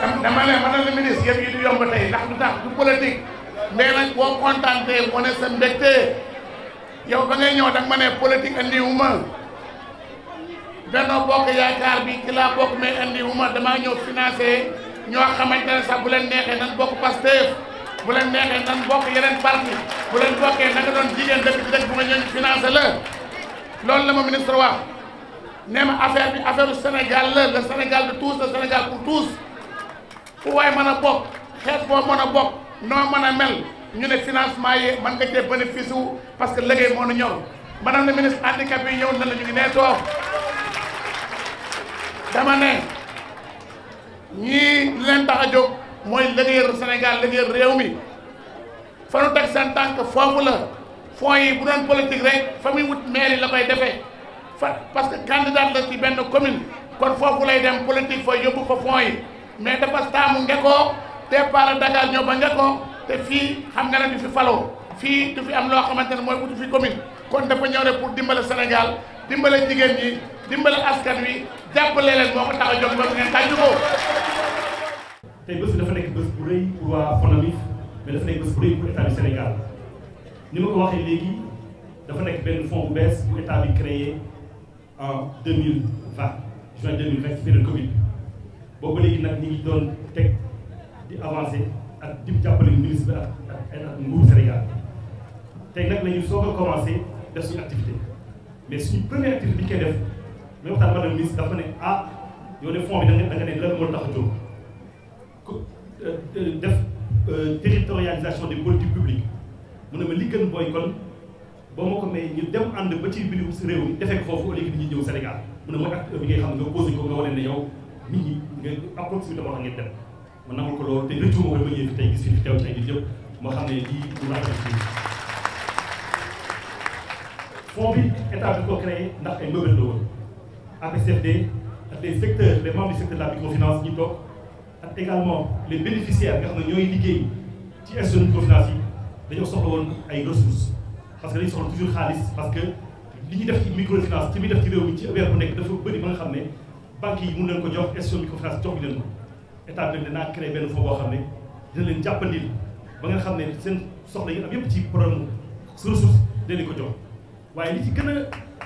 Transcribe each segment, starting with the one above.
dama ne madame la ministre yëpp yi du yomb tey ndax du tax du politique mais nag boo kontaantee boo ne sa mbégte yow ba ngay ñëw da nga ma ne politique andiwu ma Benno Bokk Yaakaar bi ci laa bokk mais andiwu ma damaa ñëw financé ñoo xamante ne sax bu leen neexee nan bokk Pastef bu leen neexee nan bokk yeneen parti bu leen bokkee na nga doon jigéen dëkk bi dëkk bu nga ñëw financé la loolu la ma ministre wax nee ma bi affaire u Sénégal la le Sénégal de tous le Sénégal pour tous fu waay mën a bokk xeet boo mën a bokk noo mën a mel ñu ne financement yi mën nga cee bénéfice parce que liggéey moo nu ñor madame la ministre handicap yi na la ñu ngi nee toog dama ne ñii leen tax a jóg mooy liggéeyal Sénégal liggéeyal réew mi fa nu teg seen tànk foofu la yi bu doon politique rek fa muy wut mairie la koy defee fa parce que candidat la ci benn commune kon foofu lay dem politique fa yóbbu ko fonds yi mais dafa taamu Ngeko départ Dakar ñëw ba Ngeko te fii xam nga ne du fi faloo fii du fi am loo xamante ne mooy wutu fi commune kon dafa ñëw rek pour dimbale Sénégal dimbale jigéen ñi dimbale askan wi jàppale leen moo ko tax a jóg ba ngeen tàjju ko. tey bés dafa nekk bés bu pour waa FONAMIF mais dafa nekk bés bu pour état du Sénégal ni ma waxee léegi dafa nekk benn fonds bu bees bu état bi créé en deux mille vingt juin deux mille boobu léegi nag ñu ngi doon teg di avancé ak di jàppale ministre bi ak ak ak nguur Sénégal tey nag la ñu soog a commencé def suñu activité mais suñu première activité bi koy def mais waxtaan madame ministre dafa ne ah yow de fond bi da nga ne lan moo tax a jóg euh, euh, def euh, territorialisation des politiques publiques mu na ma li gën booy kon boo ma ko may ñu dem ànd ba ci biir réew mi defee ko foofu au lieu que ñu jëw Sénégal mu na mooy acte bi ngay xam nga posé ko yow. nit ñi nga am proximité boo xam ne dem ma nangul ko loolu te rëccu ma dama fi tey gis fi teew ci ay nit yëpp la fond bi état bi ko créé ndax ay mbëbët la woon APCFD ak les secteurs les membres secteur la microfinance ñu toog ak également les bénéficiaires nga xam ne ñooy liggéey ci institution microfinance yi dañoo soxla woon ay ressources parce que dañu soxla toujours xaalis parce que li ñuy def ci microfinance ci muy def ci réew mi ci weer xam ne banques yi mun leen ko jox gestion microfinance jox leen ko état bi nag danaa créé benn fonds boo xam ne dina leen jàppandil ba nga xam ne seen soxla yi am yëpp ci problème su ressource dinañ ko jox waaye li ci gën a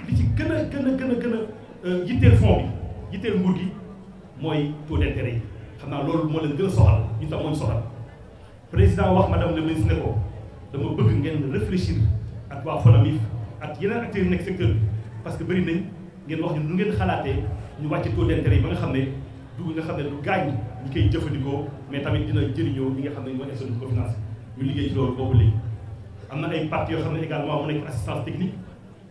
li ci gën a gën a gën a gën a euh, yitteel fonds bi yitteel nguur gi mooy taux d'intérêt yi xam naa loolu moo leen gën a soxal ñu tam mooñu soxal président wax madame le ministre ne ko dama bëgg ngeen réfléchir ak waa FONAMIF ak yeneen acteurs yi nekk secteur bi parce que bëri nañ ngeen wax ñu nu ngeen xalaatee ñu wàcce taux d'intérêt yi ba nga xam ne du nga xam ne du gaañ ñi koy jëfandikoo mais tamit dina jëriñoo ñi nga xam ne ñoo institut de cofinance ñu liggéey ci loolu boobu léegi am na ay yoo xam ne également mu nekk assistance technique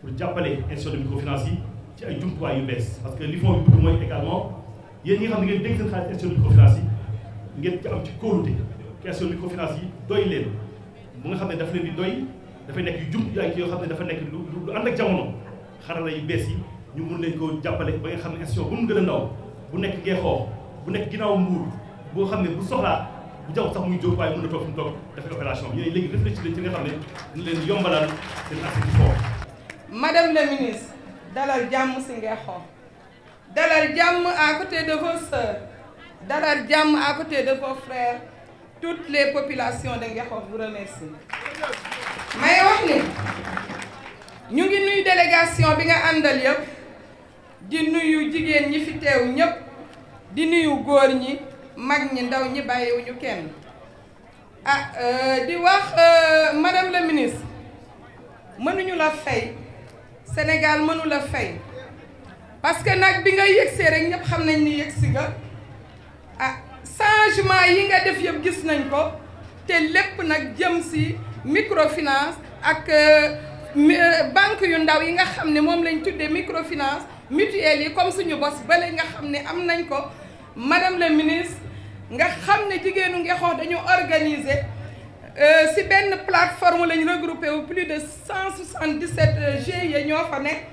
pour jàppale institut de cofinance yi ci ay jumtuwaay yu bees parce que li fond bi bëgg mooy également yéen ñi nga xam ne ngeen dégg seen xaalis institut de yi ngeen ci am ci kóolute institut de cofinance yi doy leen bu nga xam ne dafa leen di doy dafay nekk yu jumtuwaay yoo xam ne dafa nekk lu lu ànd ak jamono xarala yu bees yi ñu mun leen koo jàppale ba nga xam ne institution bu mu gën a ndaw bu nekk Ngeexoox bu nekk ginnaaw Mbuur boo xam ne bu soxlaa bu jaww sax muy jóg waaye mën na toog fi mu toog def opération bi yooyu léegi nga xam ne ñu leen yombalal seen accès ci foofu. madame la ministre dalal jàmm si dalal jàmm à côté de vos sœurs dalal jàmm à côté de vos frères toutes les populations de Ngeexoox vous remercie may wax ni ñu ngi nuy délégation bi nga àndal yëpp. di nuyu jigéen ñi fi teew ñépp di nuyu góor ñi mag ñi ndaw ñi bàyyiwuñu kenn ah euh, di wax euh, madame la ministre mënuñu la fay Sénégal mënu la fay parce que nag bi nga yëgsee rek ñëpp xam nañ ni yëgsi nga ah changement yi nga def yëpp gis nañ ko te lépp nag jëm si microfinance ak euh, banque yu ndaw yi nga xam ne moom lañ tuddee microfinance mutuelle yi comme suñu bos bële nga xam ni am nañ ko madame la ministre nga xam ne jigéenu Ngexoox dañu organiser euh, si benn plateforme lañu regroupé wu plus de 177 euh, GIE ñoo fa nekk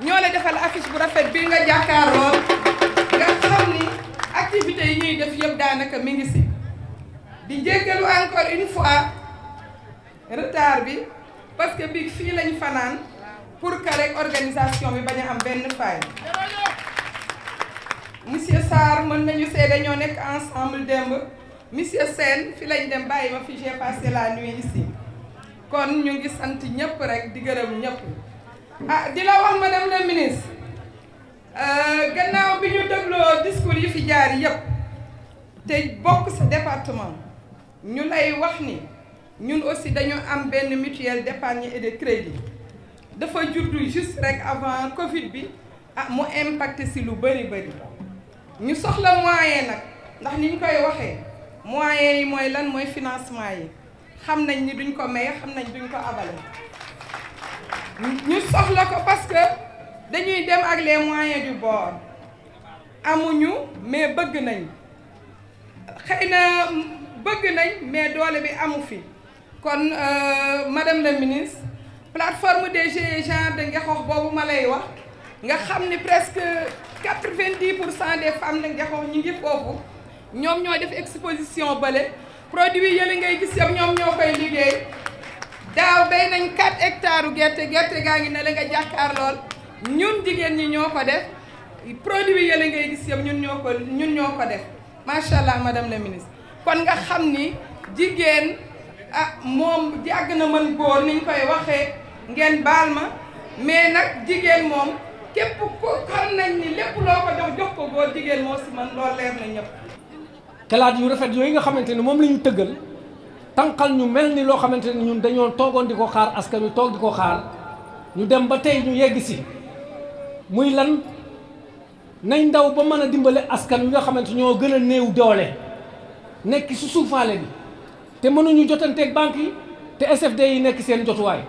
ñoo la defal affiche bu rafet bii nga jàkkaarloo nga xam ni activités yi ñuy def yëpp daanaka mi ngi si di jéggalu encore une fois retard bi parce que bi fii lañ fanaan pour que rek organisation bi bañ am benn faille monsieur Sarr mën nañu seede dañoo nekk ensemble démb monsieur Sène fi lañ dem bàyyi ma fi j'ai passé la nuit ici kon ñu ngi sant ñëpp rek di gërëm ñëpp ah di la wax madame la ministre euh, gannaaw bi ñu dégloo discours yi fi jaar yëpp te bokk sa département ñu lay wax ni ñun aussi dañu am benn mutuelle d'épargne et de crédit dafa juddu juste rek avant Covid bi ah mu impacté si lu bëri bëri ñu soxla moyen nag ndax ni ñu koy waxee moyen yi mooy lan mooy financement yi xam nañ ni duñ ko may xam nañ duñ ko abale ñu soxla ko parce que dañuy dem ak les moyens du bord amuñu mais bëgg nañ xëy na bëgg nañ mais doole bi amu fi kon euh, madame la ministre plateforme des GIE genre de ngexoox boobu ma lay wax nga xam ni presque quatre-vingt-dix pour cent des femmes de ngexoox ñi ngi foofu ñoom ñoo def exposition bële produit yële ngay gis yow ñoom ñoo koy liggéey daaw béy nañ 4 hectares gerte gerte gaa ngi ne la nga jàkkaar lool ñun jigéen ñi ñoo ko def produit yële ngay gis yow ñun ñoo ko ñun ñoo ko def macha allah madame la ministre kon nga xam ni jigéen. ah moom jàgg na mën góor niñ koy waxee ngeen baal ma mais nag jigéen moom képp ku xam nañ ni lépp loo ko jox jox ko góor jigéen moo si man loolu leer na ñëpp galaat yu rafet yooyu nga xamante ne moom la ñu tëggal tànqal ñu mel ni loo xamante ne ñun dañoo toogoon di ko xaar askan wi toog di ko xaar ñu dem ba tey ñu yegg si muy lan nañ ndaw ba mën a dimbale askan wi nga xamante ñoo gën a néew doole nekk si suufaale bi te mënuñu jotanteeg banque yi te SFD yi nekk seen jotuwaay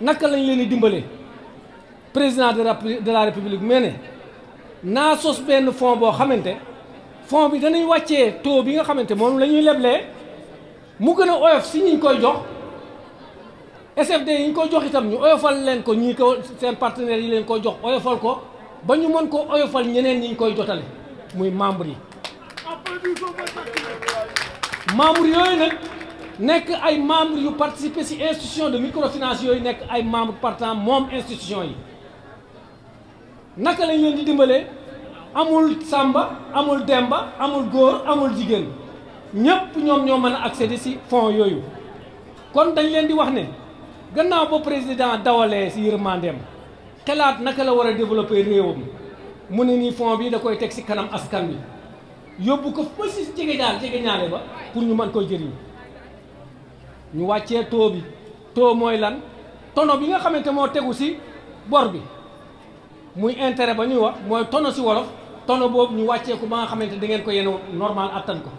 naka lañ leen dimbale dimbalee président de la république mee ne naa sos benn boo xamante fonds bi danañ wàccee taux bi nga xamante moom lañuy ñuy leblee mu gën a oyof si ñiñ koy jox SFD yi ñu koy jox itam ñu oyofal leen ko ñi ko seen partenaires yi leen koy jox oyofal ko ba ñu mën ko oyofal ñeneen ñi koy jotale muy membre yi yooyu nag nekk ay membres yu participer si institution de microfinance yooyu nekk ay membres partant moom institution yi naka lañ leen di dimbalee amul sàmba amul demba amul góor amul jigéen ñépp ñoom ñoo mën a accéder si fonds yooyu kon dañ leen di wax ne gannaaw ba président dawalee ci yërmandeem xelaat naka la war a développer réewam mu ne nii fonds bii da koy teg ci kanam askan wi yóbbu ko fa ci jege daal jege ba pour ñu mën koo jëriñ ñu wàccee taux bi taux mooy lan tono bi nga xamante moo tegu si bor bi muy intérêt ba ñuy wax mooy tono si wolof tono boobu ñu wàccee ko ba nga xamante da ngeen ko yéen normal attan ko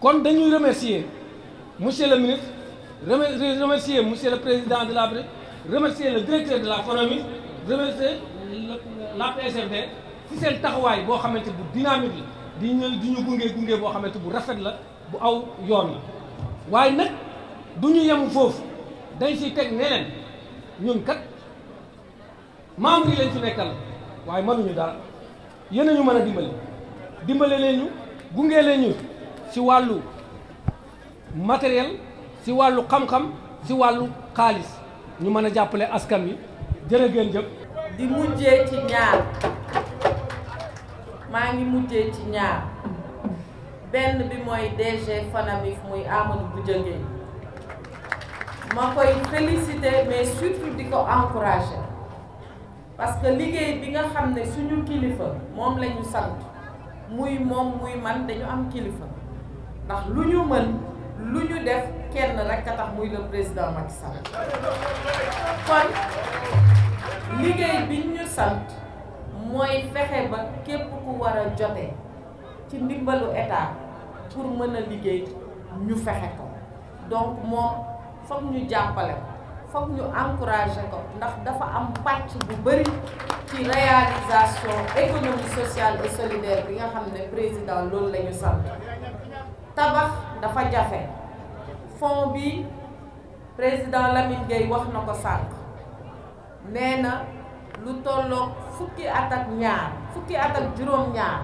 kon dañuy remercier monsieur le ministre remercier monsieur le président de la remercier le directeur de la FONAMIS remercier la PSFD si seen taxawaay boo xamante bu dynamique la di ñu di ñu gunge gunge boo xamante bu rafet la bu aw yoon la waaye nag du ñu yem foofu dañ si teg ne leen ñun kat membre yi lañ fi nekkal waaye mënuñu dara yéen a ñu mën a dimbale dimbale leen ñu gunge leen wàllu matériel si wàllu xam-xam si wàllu xaalis ñu mën a jàppale askan wi jërë ngeen jëf. di mujjee ci ñaar maa ngi mujjee ci ñaar benn bi mooy DG Fanamif muy Amadou Goudiaguèye. ma koy féliciter mais surtout di ko encourager parce que liggéey bi nga xam ne suñu kilifa moom la ñu sant muy moom muy man dañu am kilifa ndax lu ñu mën lu ñu def kenn rek a tax muy le président Macky Sall kon liggéey bi ñu sant mooy fexe ba képp ku war a jote ci ndimbalu état pour mën a liggéey ñu fexe ko donc moom. foog ñu jàppale ko foog ñu encouragé ko ndax dafa am pàcc bu bëri ci réalisation économie sociale et solidaire bi nga xam ne président loolu lañu ñu sant tabax dafa jafe fond bi président Lamine Gueye wax na ko sànq nee na lu tolloog fukki at ak ñaar fukki at ak juróom-ñaar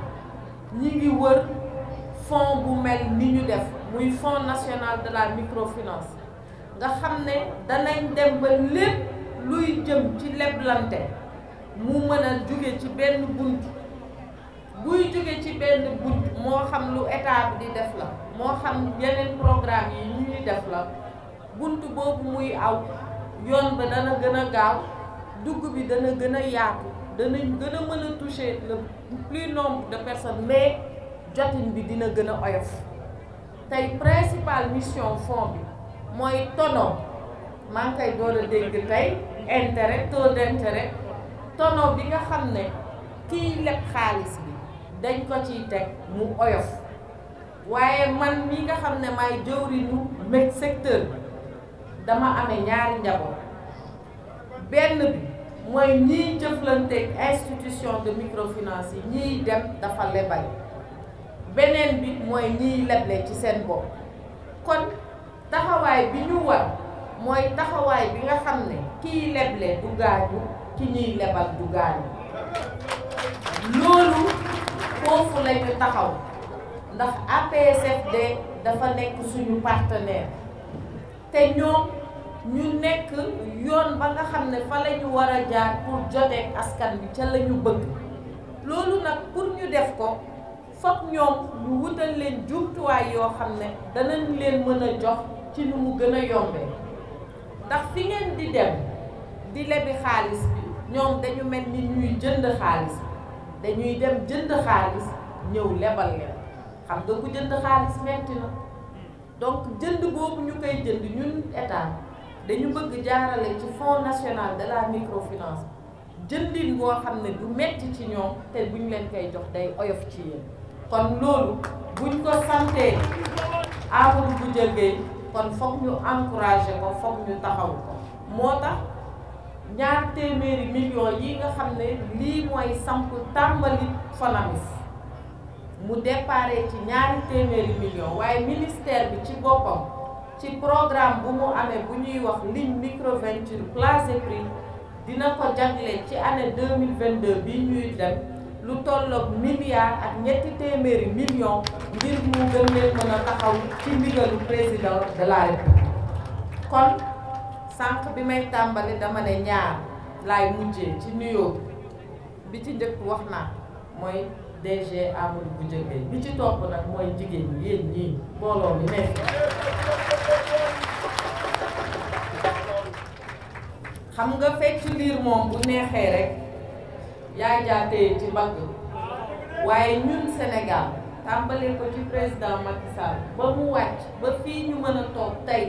ñi ngi wër fond bu mel ni ñu def muy fond national de la microfinance nga xam ne danañ dem ba lépp luy jëm ci leblante mu mën a jóge ci benn bunt buy jóge ci benn bunt moo xam lu état bi di def la moo xam yeneen programme yi ñu ñuy def la bunt boobu muy aw yoon ba dana gën a gaaw dugg bi dana gën a yaatu danañ gën a mën a toucher le plus nombre de personnes mais jotin bi dina gën a oyof tey principale mission fond mooy tono maa ngi koy door a dégg tey intérêt taux d'intérêt tono bi nga xam ne kiy leb xaalis bi dañ ko ciy teg mu oyof waaye man mi nga xam ne maay jëwriñu meg secteur bi dama amee ñaari njaboot benn bi mooy ñiy jëflanteeg institution de microfinance yi ñiy dem dafa lebal beneen bi mooy ñiy leble ci seen bopp kon taxawaay bi ñu war mooy taxawaay bi nga xam ne kiy leble du gaañu ki ñuy lebal du gaañu loolu foofu la taxaw ndax APSFD dafa nekk suñu partenaire te ñoom ñu nekk yoon ba nga xam ne fa la war a jaar pour joteeg askan bi ca lañu ñu bëgg loolu nag pour ñu def ko foog ñoom ñu wutal leen jumtuwaay yoo xam ne danañ leen mën a jox ci nu mu gën a yombee ndax fi ngeen di dem di lebi xaalis bi ñoom dañu mel ni ñuy jënd xaalis dañuy dem jënd xaalis ñëw lebal leen xam nga ku jënd xaalis metti na donc jënd boobu ñu koy jënd ñun état dañu bëgg jaarale ci fonds national de la microfinance jëndin boo xam ne du metti ci ñoom te buñ leen koy jox day oyof ci yéen kon loolu buñ ko santee Amadou Goudiagueye kon foog ñu encouragé ko foog ñu taxaw ko moo tax ñaar téeméeri millions yi nga xam ne lii mooy samp tàmbali FONAMIS mu déparé ci ñaari téeméeri millions waaye ministère bi ci boppam ci programme bu mu amee bu ñuy wax ligne microventure place et prix dina ko jagle ci année deux mille vingt deux bi ñuy dem. lu tolloog milliard ak ñetti téeméeri million ngir mu gën leen mën a taxaw ci ndigalu président de la kon sànq bi may tàmbali dama ne ñaar laay mujjee ci nuyoo bi ci njëkk wax naa mooy DG Amadou bu jëkkee bi ci topp nag mooy jigéen ñi yéen ñii mbooloo mi nekk xam nga fecc liir moom bu neexee rek yaa jaatee ci mbagg waaye ñun Sénégal tàmbalee ko ci président Macky Sall ba mu wàcc ba fii ñu mën a toog tey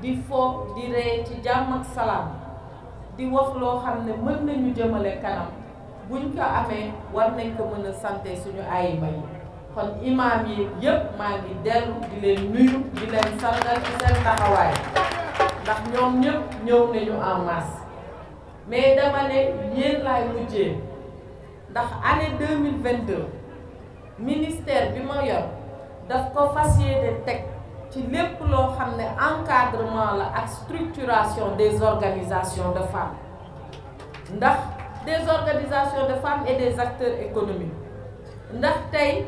di foo di ree ci jàmm ak salaam di wax loo xam ne mën nañu jëmmale kanam buñ ko amee war nañ ko mën a sante suñu ayima yi kon imaam yi yépp maa ngi dellu di leen nuyu di leen santal ci seen taxawaay ndax ñoom ñëpp ñëw nañu en mais dama ne yéen laay mujjee ndax année deux mille vingt bi ma yor daf ko fas yéene teg ci lépp loo xam ne encadrement la ak structuration des organisations de fem ndax des organisations de femmes et des acteurs économiques ndax tey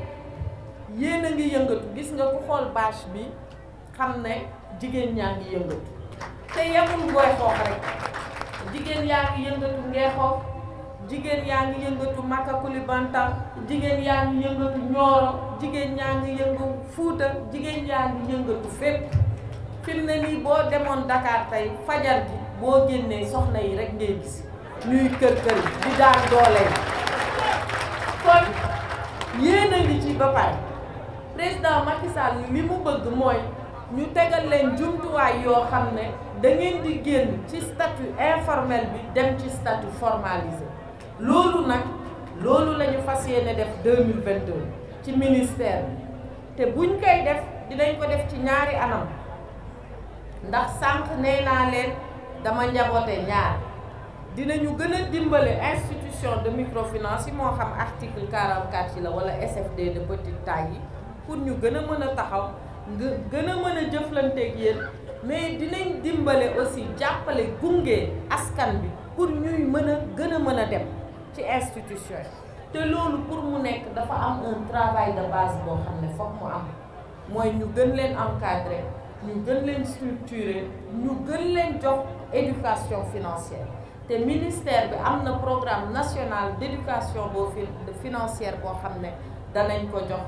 yéen a ngi yëngatu gis nga ku xool bâche bi xam ne jigéen ñaa ngi yëngatu te yemul booy xoox rek. jigéen yaa ngi yëngatu Ngeexoof jigéen yaa ngi yëngatu Maka Kulibantang jigéen yaa ngi yëngatu Nioro jigéen yaa ngi yëngu Fuuta jigéen yaa ngi yëngatu fépp fi mu ne boo demoon Dakar tey fajar gi boo génnee soxna yi rek ngay gis ñuy kër kër di daan doole kon yéen a ngi ci ba président Macky Sall li mu bëgg mooy. ñu tegal leen jumtuwaay yoo xam ne da ngeen di génn ci statut informel bi dem ci statu formalisé loolu nag loolu la ñu fas yéene def 2022 ci ministère bi te buñ koy def dinañ ko def ci ñaari anam ndax sànq nee naa leen dama njaboote ñaar dinañu gën a dimbale institution de microfinance yi moo xam article 44 yi la wala SFD de petite taille yi pour ñu gën a mën a taxaw nga gën a mën a jëflanteeg yéen mais dinañ dimbale aussi jàppale gunge askan bi pour ñuy mën a gën a mën a dem ci institution yi te loolu pour mu nekk dafa am un travail de base boo xam ne foog mu am mooy ñu gën leen encadrer ñu gën leen structurer ñu gën leen jox éducation financière te ministère bi am na programme national d'éducation boo fi financière boo xam ne danañ ko jox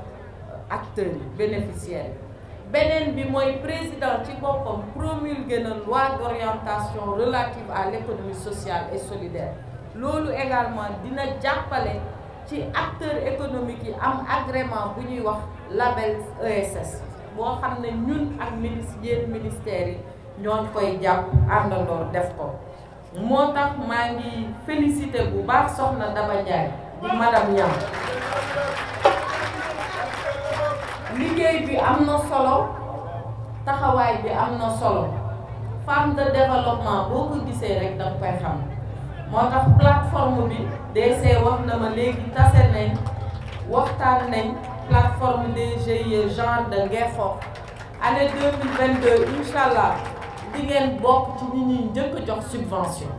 acteurs yi bénéficiaires yi beneen bi mooy président ci boppam promulgué na loi d'orientation relative à l'économie sociale et solidaire loolu également dina jàppale ci acteur économiques yi am agrément bu ñuy wax label ESS boo xam ne ñun ak ministre yéen ministères yi ñoon koy jàpp àndandoor def ko moo tax maa ngi félicité bu baax soxna Daba Ndiaye di madame Niang liggéey bi am na solo taxawaay bi am na solo femme de développement boo ko gisee rek danga koy xam moo tax plateforme bi DC wax na ma léegi tase nañ waxtaan nañ plateforme des GIE genre de Ngefor année 2022 incha allah di ngeen bokk ci ñi ñuy njëkk jox subvention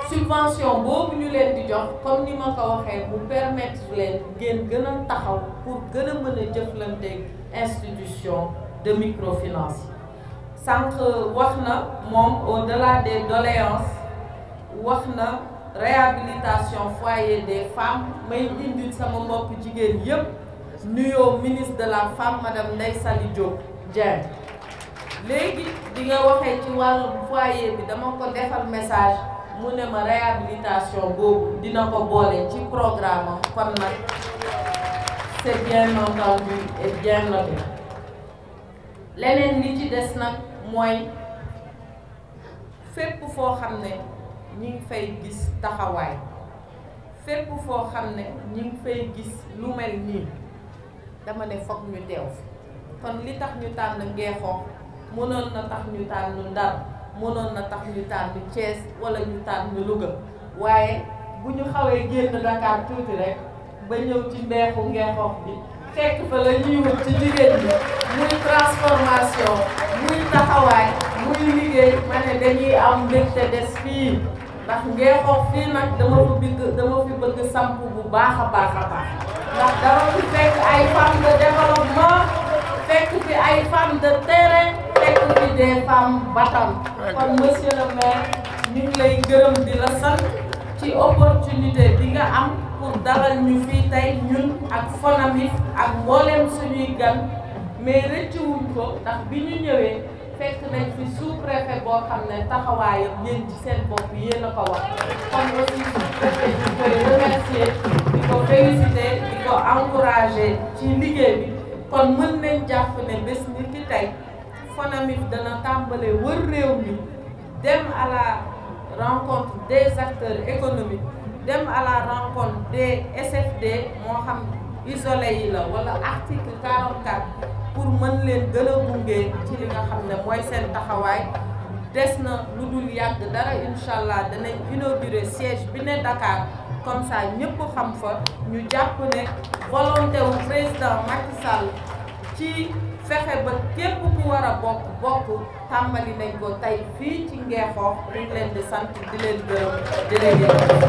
subvention boobu ñu leen di jox comme ni ma ko waxee mu permettre leen ngeen gën taxaw pour gën a mën a jëflanteeg institution de microfinance yi sànq wax na moom au delà des doléances wax na réhabilitation foyer des femmes may indil sama mbokk jigéen yépp nuyoo ministre de la femme madame Ndeye Saly Diop Dieng léegi di nga waxee ci wàllu foyer bi dama ko defar message mu ne ma réhabilitation boobu dina ko boole ci programme am kon nag c'est bien entendu et bien leneen li ci des nag mooy fépp foo xam ne ñu ngi fay gis taxawaay fépp foo xam ne ñu ngi fay gis lu mel nii dama ne foog ñu teew kon li tax ñu tànn Ngeexoox mënoon na tax ñu tànn Ndar mënoon na tax ñu tànn Thiès wala ñu tànn Louga waaye bu ñu xawee génn Dakar tuuti rek ba ñëw ci mbeexu ngeexoox bi fekk fa la wut ci jigéen ñi muy transformation muy taxawaay muy liggéey ma ne dañuy am mbégte des fii ndax ngeexoox fii nag dama fi dama fi bëgg samp bu baax a baax a baax ndax dama fi fekk ay femmes de développement fekk fi ay femmes de terrain fekk fi des femmes battantes kon monsieur le lay gërëm di la sant ci opportunité bi nga am pour dalal ñu fii tey ñun ak Fonamif ak mbooleem suñuy gan mais rëccuwuñ ko ndax bi ñu ñëwee fekk nañ fi sous-préfet boo xam ne taxawaayam yéen ci seen bopp yéen a ko wax kon aussi sous-préfet ñu koy remercier di ko féliciter di ko encourager ci liggéey bi kon mën nañ jàpp ne bés ni ki tey Fonamif dana tàmbale wër réew mi dem à rencontre des acteurs économiques dem à rencontre des SFD moo xam isolé yi la wala article 44 pour mën leen gën a gunge ci li nga xam ne mooy seen taxawaay des na lu dul yàgg dara incha allah danañ inaugurer siège bi ne Dakar comme saa ñëpp xam fa ñu jàpp ne volonté président Macky Sall ci. fexe ba képp ku war a bokk bokk tàmbali nañ ko tey fii ci Ngeexoox ñu ngi sant di leen gërëm di leen